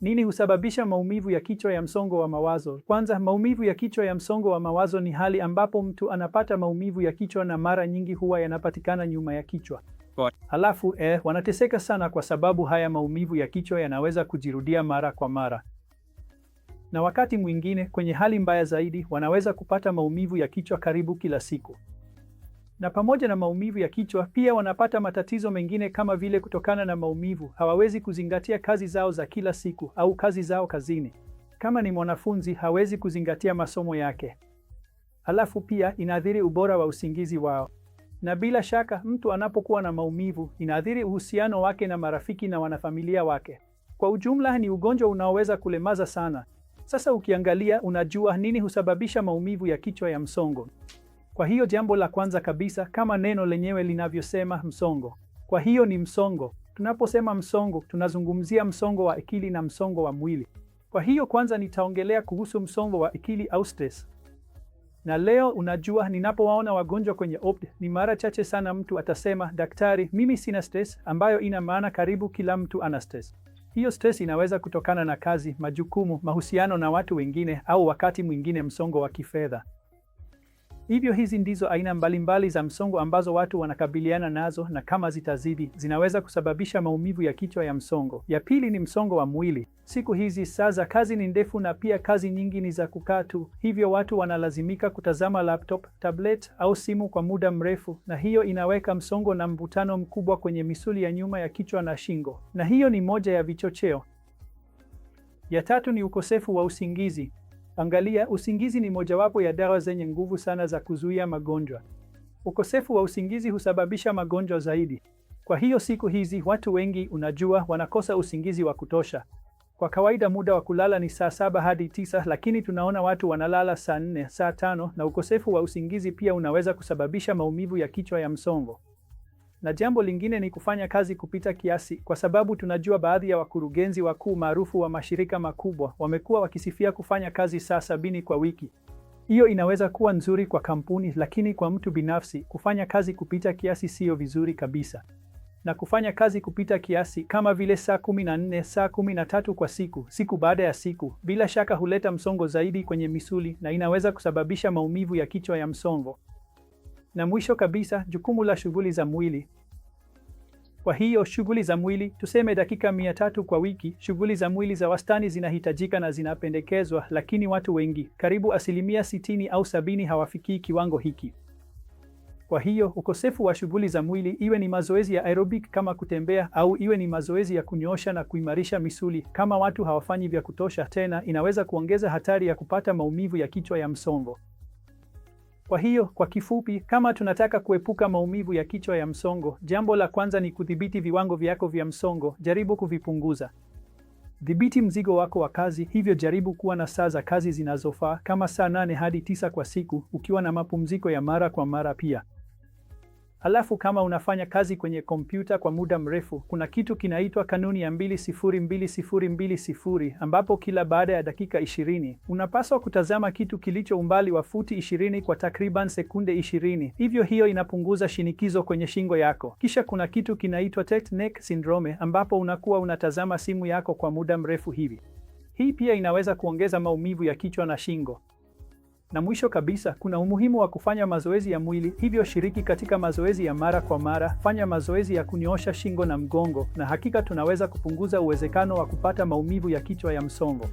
Nini husababisha maumivu ya kichwa ya msongo wa mawazo? Kwanza, maumivu ya kichwa ya msongo wa mawazo ni hali ambapo mtu anapata maumivu ya kichwa na mara nyingi huwa yanapatikana nyuma ya kichwa. Halafu eh, wanateseka sana kwa sababu haya maumivu ya kichwa yanaweza kujirudia mara kwa mara. Na wakati mwingine, kwenye hali mbaya zaidi, wanaweza kupata maumivu ya kichwa karibu kila siku na pamoja na maumivu ya kichwa pia wanapata matatizo mengine kama vile kutokana na maumivu hawawezi kuzingatia kazi zao za kila siku au kazi zao kazini. Kama ni mwanafunzi hawezi kuzingatia masomo yake. Halafu pia inaathiri ubora wa usingizi wao. Na bila shaka mtu anapokuwa na maumivu inaathiri uhusiano wake na marafiki na wanafamilia wake. Kwa ujumla ni ugonjwa unaoweza kulemaza sana. Sasa ukiangalia, unajua nini husababisha maumivu ya kichwa ya msongo? Kwa hiyo jambo la kwanza kabisa, kama neno lenyewe linavyosema, msongo. Kwa hiyo ni msongo. Tunaposema msongo, tunazungumzia msongo wa akili na msongo wa mwili. Kwa hiyo kwanza nitaongelea kuhusu msongo wa akili au stress. Na leo, unajua, ninapowaona wagonjwa kwenye OPD ni mara chache sana mtu atasema, daktari, mimi sina stress, ambayo ina maana karibu kila mtu ana stress. Hiyo stress inaweza kutokana na kazi, majukumu, mahusiano na watu wengine, au wakati mwingine msongo wa kifedha. Hivyo hizi ndizo aina mbalimbali za msongo ambazo watu wanakabiliana nazo, na kama zitazidi, zinaweza kusababisha maumivu ya kichwa ya msongo. Ya pili ni msongo wa mwili. Siku hizi saa za kazi ni ndefu na pia kazi nyingi ni za kukaa tu, hivyo watu wanalazimika kutazama laptop, tablet au simu kwa muda mrefu, na hiyo inaweka msongo na mvutano mkubwa kwenye misuli ya nyuma ya kichwa na shingo, na hiyo ni moja ya vichocheo. Ya tatu ni ukosefu wa usingizi. Angalia, usingizi ni mojawapo ya dawa zenye nguvu sana za kuzuia magonjwa. Ukosefu wa usingizi husababisha magonjwa zaidi. Kwa hiyo siku hizi watu wengi, unajua, wanakosa usingizi wa kutosha. Kwa kawaida muda wa kulala ni saa saba hadi tisa, lakini tunaona watu wanalala saa nne, saa tano, na ukosefu wa usingizi pia unaweza kusababisha maumivu ya kichwa ya msongo. Na jambo lingine ni kufanya kazi kupita kiasi, kwa sababu tunajua baadhi ya wakurugenzi wakuu maarufu wa mashirika makubwa wamekuwa wakisifia kufanya kazi saa sabini kwa wiki. Hiyo inaweza kuwa nzuri kwa kampuni, lakini kwa mtu binafsi kufanya kazi kupita kiasi siyo vizuri kabisa. Na kufanya kazi kupita kiasi kama vile saa nne, saa 13 kwa siku, siku baada ya siku, bila shaka huleta msongo zaidi kwenye misuli na inaweza kusababisha maumivu ya kichwa ya msongo na mwisho kabisa, jukumu la shughuli za mwili. Kwa hiyo shughuli za mwili, tuseme dakika mia tatu kwa wiki, shughuli za mwili za wastani zinahitajika na zinapendekezwa, lakini watu wengi, karibu asilimia sitini au sabini, hawafikii kiwango hiki. Kwa hiyo ukosefu wa shughuli za mwili, iwe ni mazoezi ya aerobic kama kutembea, au iwe ni mazoezi ya kunyoosha na kuimarisha misuli, kama watu hawafanyi vya kutosha, tena inaweza kuongeza hatari ya kupata maumivu ya kichwa ya msongo. Kwa hiyo, kwa kifupi, kama tunataka kuepuka maumivu ya kichwa ya msongo, jambo la kwanza ni kudhibiti viwango vyako vya msongo, jaribu kuvipunguza. Dhibiti mzigo wako wa kazi, hivyo jaribu kuwa na saa za kazi zinazofaa kama saa nane hadi tisa kwa siku, ukiwa na mapumziko ya mara kwa mara pia. Halafu kama unafanya kazi kwenye kompyuta kwa muda mrefu, kuna kitu kinaitwa kanuni ya 202020 ambapo kila baada ya dakika 20 unapaswa kutazama kitu kilicho umbali wa futi 20 kwa takriban sekunde 20. Hivyo hiyo inapunguza shinikizo kwenye shingo yako. Kisha kuna kitu kinaitwa tight neck syndrome ambapo unakuwa unatazama simu yako kwa muda mrefu hivi. Hii pia inaweza kuongeza maumivu ya kichwa na shingo. Na mwisho kabisa, kuna umuhimu wa kufanya mazoezi ya mwili, hivyo shiriki katika mazoezi ya mara kwa mara, fanya mazoezi ya kunyoosha shingo na mgongo, na hakika tunaweza kupunguza uwezekano wa kupata maumivu ya kichwa ya msongo.